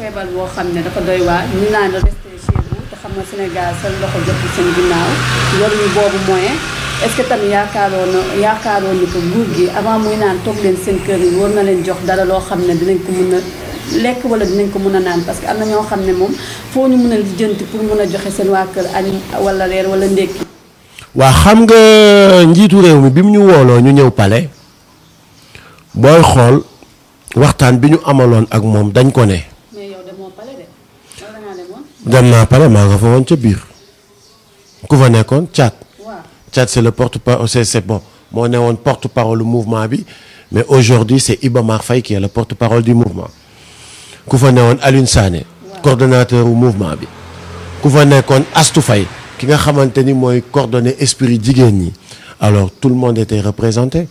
feebar boo xam ne dafa doy waar ñu naan rester chez vous te xam nga Sénégal seen loxo jot seen ginnaaw yoruñu boobu moyen est-ce que tamit yaakaaroon na ko nguur gi avant muy naan toog leen seen kër war na leen jox dara loo xam ne dinañ ko mën a lekk wala dinañ ko mën naan parce que am na ñoo xam ne moom foo ñu mën a lijjanti pour mën a joxe seen waa kër añ wala reer wala ndékki. waa xam nga njiitu réew mi bi mu ñu wooloo ñu ñëw pale booy xool waxtaan bi ñu amaloon ak moom dañ ko ne dem naa pare maa nga fa woon ca biir ku fa nekkoon Thiat. Thiat c'est le porte parole oh, c'est bon moo ne porte parole mouvement bi mais aujourd'hui c'est Iba Mar Faye qui est le porte parole du mouvement ku fa ne woon Alioune Sané coordonnateur mouvement bi ku fa nekkoon Astou Faye ki nga xamante ni mooy coordonner esprit jigéen ñi alors tout le monde était représenté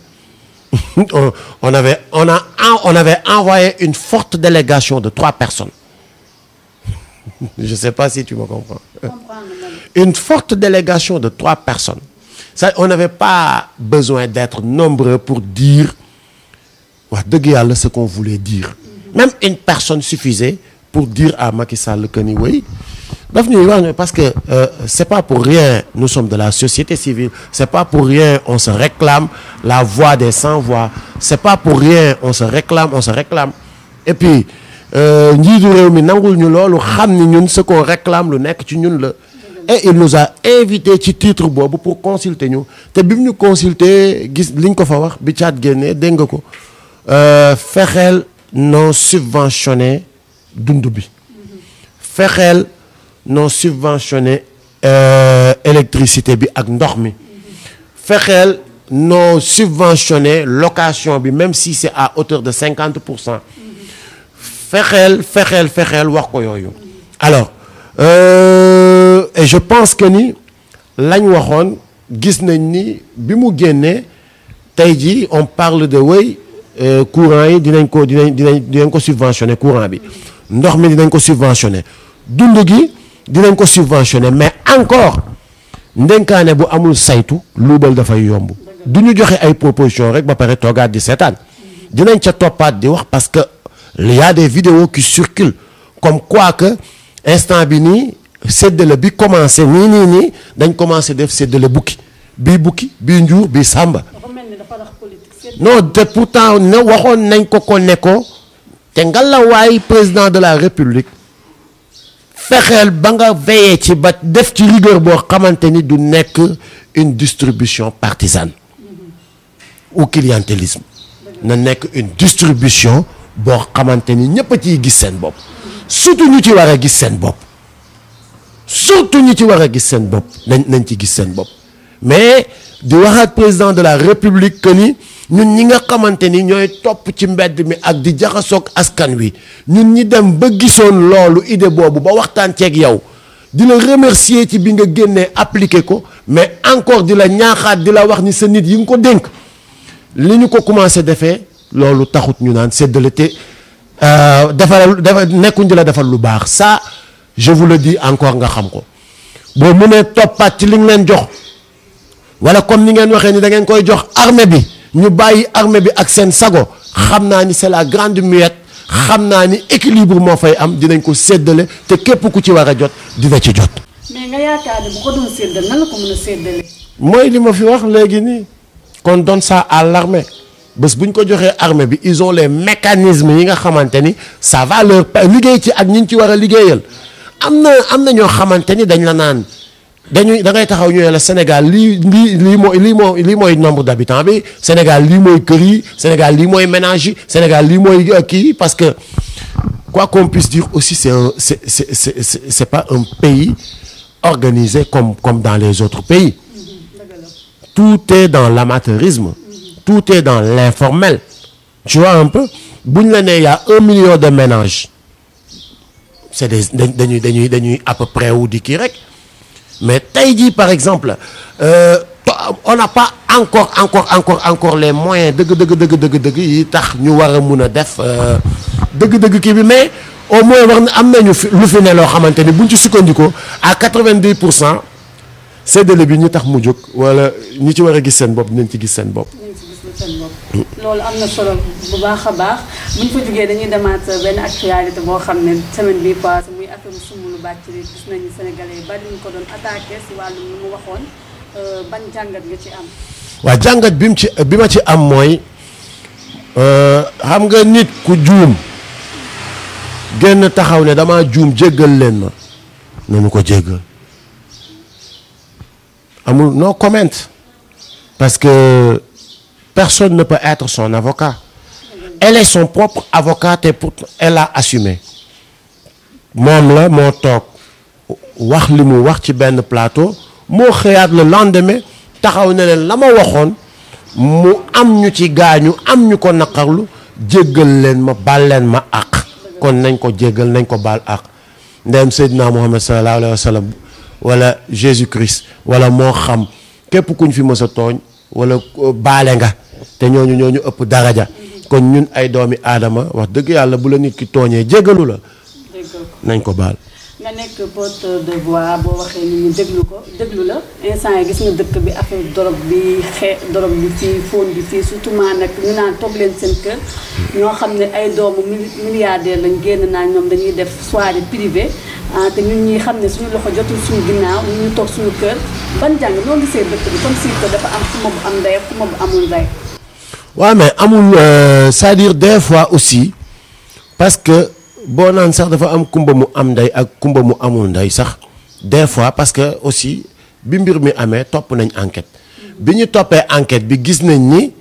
on, on avait on a on avait envoyé une forte délégation de trois personnes je sais pas si tu me comprends une forte délégation de trois personnes ça on n'avait pas besoin d'être nombreux pour dire wax dëgg yàlla ce qu'on voulait dire mhm. même une personne suffisait pour dire à Macky Sall que ni wéy daf ñuy wax ne parce que euh, c'est pas pour rien nous sommes de la société civile c'est pas pour rien on se réclame la voix des sans voix c'est pas pour rien on se réclame on se réclame et puis Euh, njiitu réew mi nangul ñu loolu xam ni ñun ce qu'on réclame lu nekk ci ñun la et il nous a invité ci titre boobu pour consulter ñu te bi mu ñu consulter gis liñ ko fa wax bi caat génnee dégg nga ko euh, fexeel non subventionné dund bi fexeel non subventionné euh, électricité bi ak ndox mi fexeel noo subventionné location bi même si c'est à hauteur de cinquante pour cent fexeel fexeel fexeel wax ko yooyu alors e et je pense que ni lañ waxoon gis nañ ni bi mu génnee tey jii on parle de wéy euh, courant yi dinañ ko dinañ dinañ dinañ ko subventionné courant bi ndox mi dinañ ko subventionné dund gi dinañ ko subventionné mais encore ndenkaane bu amul saytu luubal dafay yomb du ñu joxe ay proposition rek ba pare toogaat di seetaan dinañ ca toppaat di wax parce que il des vidéos ki circulent comme quoi que instant bi nii séddale bi commencé nii nii nii dañ commencé def séddale bukki bii bukki bii njuur bii sàmba non te pourtant ne waxoon nañ ko ko ne ko te ngalawaay président de la république fexeel ba nga veillé ci ba def ci rigueur boo xamante ni du nekk une distribution partisane ou clientélisme na nekk une distribution boo xamante ni ñëpp a ciy gis seen bopp surtout ñu ci war a gis seen bopp surtout ñu ci war a gis seen bopp nañ nañ ci gis seen bopp mais di waxaat président de la république que ni ñun ñi nga xamante ni ñooy topp ci mbedd mi ak di jaxasoog askan wi ñun ñi dem ba gisoon loolu idée boobu ba waxtaan ceeg yow di la remercier ci bi nga génnee appliquer ko mais encore di la ñaaxaat di la wax ni sa nit yi nga ko dénk li ñu ko commencé defee. loolu taxut ñu naan séddale te euh, defaral dafa nekkuñ di la defal lu baax ça je vous le dis encore nga xam ko boo mënee toppaat ci li nga leen jox walla comme ni ngeen waxee ni da ngeen koy jox armée bi ñu bàyyi armée bi ak seen sago xam naa ni c'est la grande muette xam naa ni équilibre moo fay am dinañ ko séddale te képp ku ci war a jot dina ci jot. mais nga yaakaar ne bu ko doon séddale nan la ko mën a séddale. mooy li fi wax léegi nii. kon donne ça à l'armée bés bu ñu ko joxee armée bi ils ont les mécanismes yi nga xamante ni ça va leur liggéey ci ak ñi ñu ci war a liggéeyal am na am na ñoo xamante ni dañ la naan dañuy da ngay taxaw ñu la Sénégal lii lii lii mooy lii moo lii mooy nombre d'habitants bi Sénégal lii mooy kër yi Sénégal lii mooy ménage yi Sénégal lii mooy euh, kii parce que quoi qu'on puisse dire aussi c'est un c'est c'est c'est c'est pas un pays organisé comme dans les autres pays tout est dans l'amateurisme tout est dans l'informel tu vois bu ñu la nee y a un million de ménages c'est des dañuy dañuy dañuy à peu wu di kii rek mais tey jii par exemple euh, on n'a pas encore encore encore encore les moyens dëgg dëgg dëgg yi tax ñu war a mun a def dëgg-dëgg euh, kii bi mais au moins war na am nañu lu fi ne loo xamante ni buñ ci sukkandikoo à 90 pour cent séddale bi ñu tax mu jóg wala ñi ci war a gis seen bopp dinañ ci gis seen bopp. loolu am na solo bu baax a baax bu fa jugee dañuy demaat benn actualité boo xam ne semaine bii passée muy affaire Soumboulou Bathily gis nañu Sénégalais yi bari ko doon attaqué si wàllum lu mu waxoon euh, ban jàngat nga ci am. waaw jàngat bi mu ci bi ma ci am mooy euh, xam nga nit ku juum génn taxaw ne damaa juum jéggal leen ma nañu ko jéggal amul no comment parce personne ne peut être son avocat. Elle est son propre avocate et pour elle a assumé. moom la moo toog wax li mu wax ci benn plateau moo xëyaat le lendemain taxaw ne leen la ma waxoon mu am ñu ci gaañu am ñu ko naqarlu jéggal leen ma baal leen ma àq kon nañ ko jéggal nañ ko baal àq ndem Seydina Muhammad sallallahu alayhi wa sallam wala Jésus Christ wala moo xam képp kuñ fi mës tooñ wala euh, baale nga te ñooñu ñooñu ëpp daraja kon ñun ay doomi aadama wax dëgg yàlla bu la nit ki tooñee jéggalu la nañ ko baal nga nekk porte de voix boo waxee ni ñu déglu ko déglu la instant yi gis nga dëkk bi affaire drogue bi xee fii fóon bi fii surtout nag ñu naan toog leen seen kër ñoo xam ne ay doomu milliardaire lañ génn naa ñoom dañuy def soirée privée ah, te ñun ñi xam ne suñu loxo jotul suñu ginnaaw ñu toog suñu kër ban waaw mais amul euh, c'est-à-dire fois aussi parce que boo naan sax dafa am kumba mu am ndey ak kumba mu amul ndey sax des fois parce que aussi bi mbir mi amee topp nañ enquête bi ñu toppee enquête bi gis nañ ni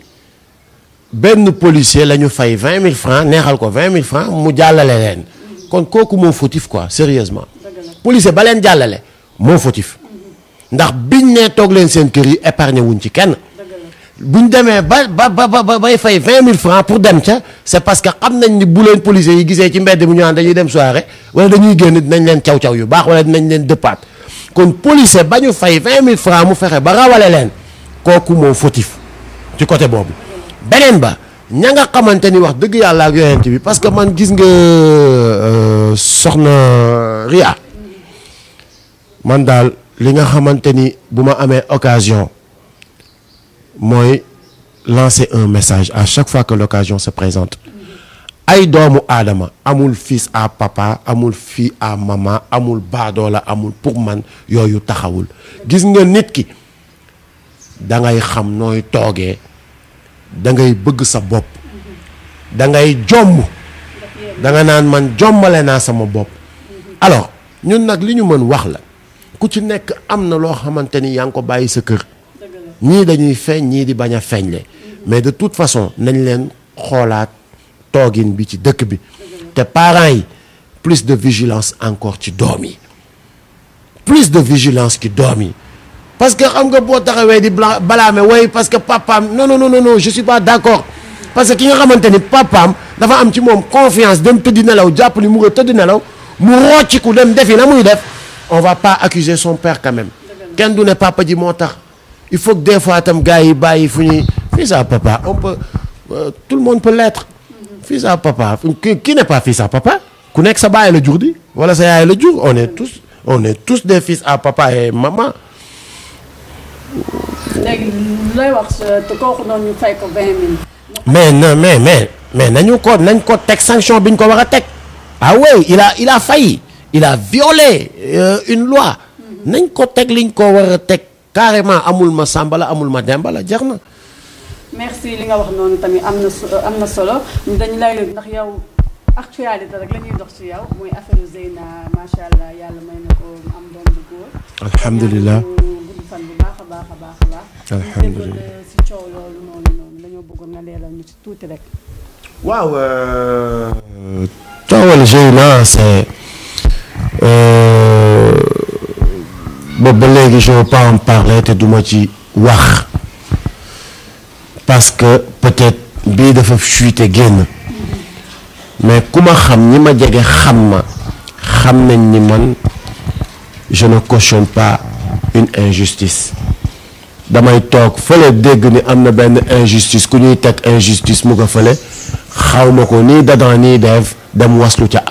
benn policier la ñu fay vingt mille francs neexal ko vingt mille francs mu jàllale leen kon kooku moo fautif quoi sérieusement policier ba leen jàllale moo fautif ndax biñ nee toog leen seen kër yi épargne wuñ ci kenn buñ demee ba ba ba ba bay fay vingt mille francs pour dem ca c'est parce que xam nañ ni bu leen policiers yi gisee ci mbedd mi ñu naan dañuy dem soirée wala dañuy génn dinañ leen caw caw yu baax wala dinañ leen dëppaat kon policier ba ñu fay vingt mille francs mu fexe ba rawale leen kooku moo fautif ci côté boobu beneen ba ña nga xamante ni wax dëgg yàlla ak yonent bi parce que man gis nga euh, soxna Ria daal. li nga xamante ni bu ma amee occasion mooy lancer un message à chaque fois que l'occasion se présente ay doomu aadama amul fils à papa amul fille à maman amul baadoola amul pour man yooyu taxawul gis nga nit ki da ngay xam nooy toogee da ngay bëgg sa bopp da ngay jomb da nga naan man jombale naa sama bopp alors ñun nag li ñu mën wax la ku ci nekk am na loo xamante ni yaa ngi ko bàyyi sa kër ñii dañuy feeñ ñii di bañ a le mais de tout façon nañ leen xoolaat toogin bi ci dëkk bi te parents yi plus de vigilance encore ci doom yi plus de vigilance ci doom yi parce que xam nga boo taxawee di balaame way parce que papaam non non non non je suis pas d'accord parce que ki nga xamante ni papaam dafa am ci moom confiance dem tëdd nelaw jàpp ni mu nga tëdd nelaw mu rocciku dem defi na muy def on va pas accuser son père quand même kenn du ne papa ji moo tax il faut que des fois itam gars yi bàyyi fu ñuy fils à papa on peut euh, tout le monde peut l'être fils à papa qui n'est pa fils à papa ku nekk sa baay la jur di wala sa yaay la jur on est tous on est tous des fils à papa et maman. mais non mais mais mais nañu ko nañ ko teg sanction bi ñu ko war a teg ah il a il a failli. il a violé euh, une loi nañ ko teg liñ ko war a teg carrément amul ma Samba la amul ma Demba la jeex na. merci li nga wax noonu tamit am na euh, am na solo dañu lay ndax yow actualité rek la ñuy dox ci yow muy affaire Zeyna macha allah yàlla may na ko am doom bu góor. alhamdulilah gudd fan bu baax a baax a baax a baax. alhamdulilah si coow loolu noonu noonu dañoo bëggoon nga leeral ñu ci tuuti rek. waaw. Euh, euh, coowal Zeyna c'est Euh, boobu ba léegi je veux parler te duma ci wax parce que peut-être bii dafa fuite génn mais ku ma xam ñi ma jege xam ma xam nañ ni man je ne cautionne pas une injustice damay toog fële dégg ni am na benn injustice ku ñuy teg injustice mu ko fële xaw ma ko nii dadan nii def dem waslu ca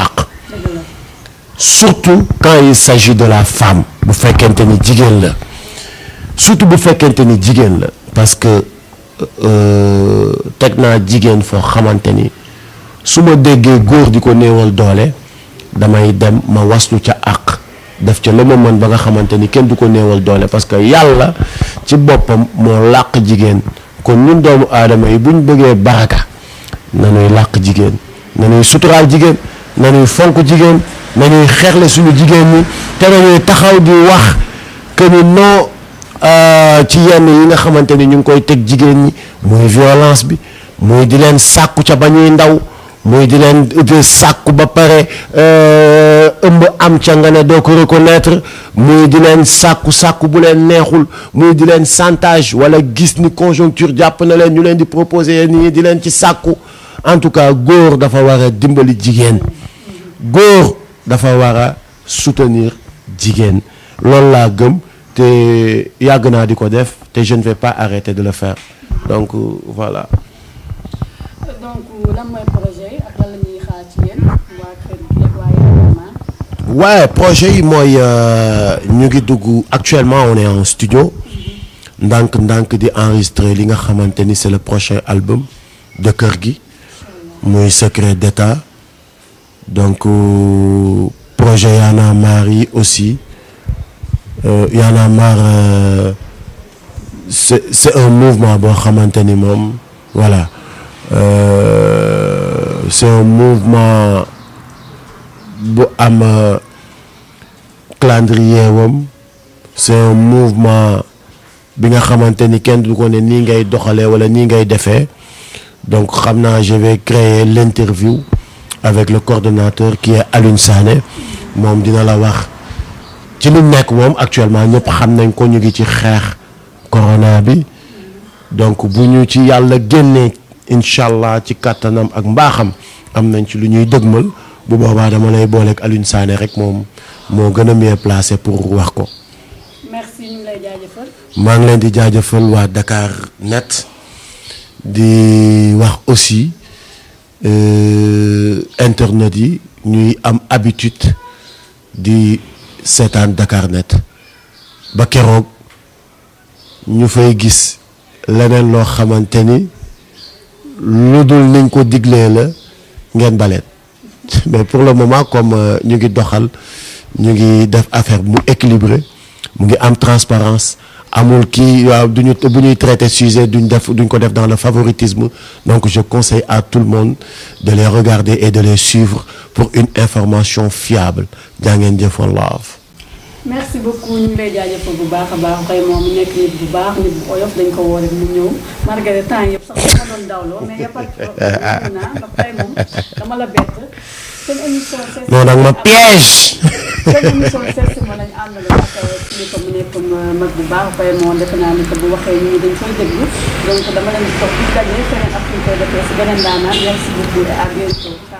surtout quand il s'agit de la femme bu fekkente ni jigéen la surtout bu fekkente ni jigéen la parce que euh, teg naa jigéen foo xamante ni su ma déggee góor di ko néewal doole damay dem ma waslu ca àq def ca la ma mën ba nga xamante ni kenn du ko néewal doole parce que yàlla ci boppam moo làq jigéen kon ñun doomu aadama yi buñ bëggee baraka nanuy làq jigéen nanuy suturaal jigéen nanuy fonk jigéen nañuy xeexle suñu jigéen ñi te nañuy taxaw di wax que ni euh, ci yenn yi nga xamante ni ñu ngi koy teg jigéen ñi muy violence bi muy di leen sàkku ca ba ñuy ndaw muy di leen sàkku ba pare euh, ëmb am ca nga ne doo ko reconnaître muy di leen bu leen neexul muy di leen chantage wala gis ni conjoncture jàpp na leen ñu leen di proposer nii di leen ci sàkku en tout cas góor dafa war a dimbali jigéen dafa war a soutenir jigéen loolu laa gëm te yàgg naa di ko def te je ne vais pas arrêter de le faire donc euh, voilà. Euh, projet yi waaye projet yi mooy euh, ñu ngi dugg actuellement on est en ndànk ndànk di enregistrer li nga xamante ni c'est le prochain album de kër gi muy secret d'état donc euh, projet Y'en a yi aussi euh, Y'en a marre euh, c'est un mouvement boo xamante ni moom voilà euh, c'est un mouvement bu am calendrier wam c'est un mouvement bi nga xamante ni kenn du ko ne nii ngay doxalee wala nii ngay defee donc xam naa je vais créer l'interview avec le coordonnateur qui est Alioune Sané moom dina la wax ci lu nekk moom actuellement ñëpp xam nañ ko ñu ngi ci xeex corona bi donc bu ñu ci yàlla génnee incha allah ci kàttanam ak mbaaxam am nañ ci lu ñuy dëgmal bu boobaa dama lay booleeg Alioune Sané rek moom moo gën a mieux placé pour wax ko. maa ngi leen di jaajëfal waa Dakar Net di wax aussi. Euh, internet yi ñuy am habitude di seetaan Dakar Net ba keroog ñu fay gis leneen loo xamante ni lu dul niñ ko diglee la ngeen baleet mais pour le moment comme euh, ñu ngi doxal ñu ngi def affaire mu équilibré mu ngi am transparence amul kii waaw duñu bu ñuy traité sujet duñ def duñ ko def dans le favoritisme donc je conseille à tout le monde de les regarder et de les suivre pour une information fiable jaa ngeen jëf wallaaf merci nekk nit bu baax nit bu oyof dañ ko woo mu ñëw Marguerite yëpp sax ma piège seen émission seet si ma lañ àndaloon ak kilifa mu nekk mag bu baax Baye Maone defe naa ni que bu waxee ñii dañ koy déglu donc dama leen di toog di daje feneen ak fi ñu koy defee si beneen daanaan merci beaucoup et à bientôt.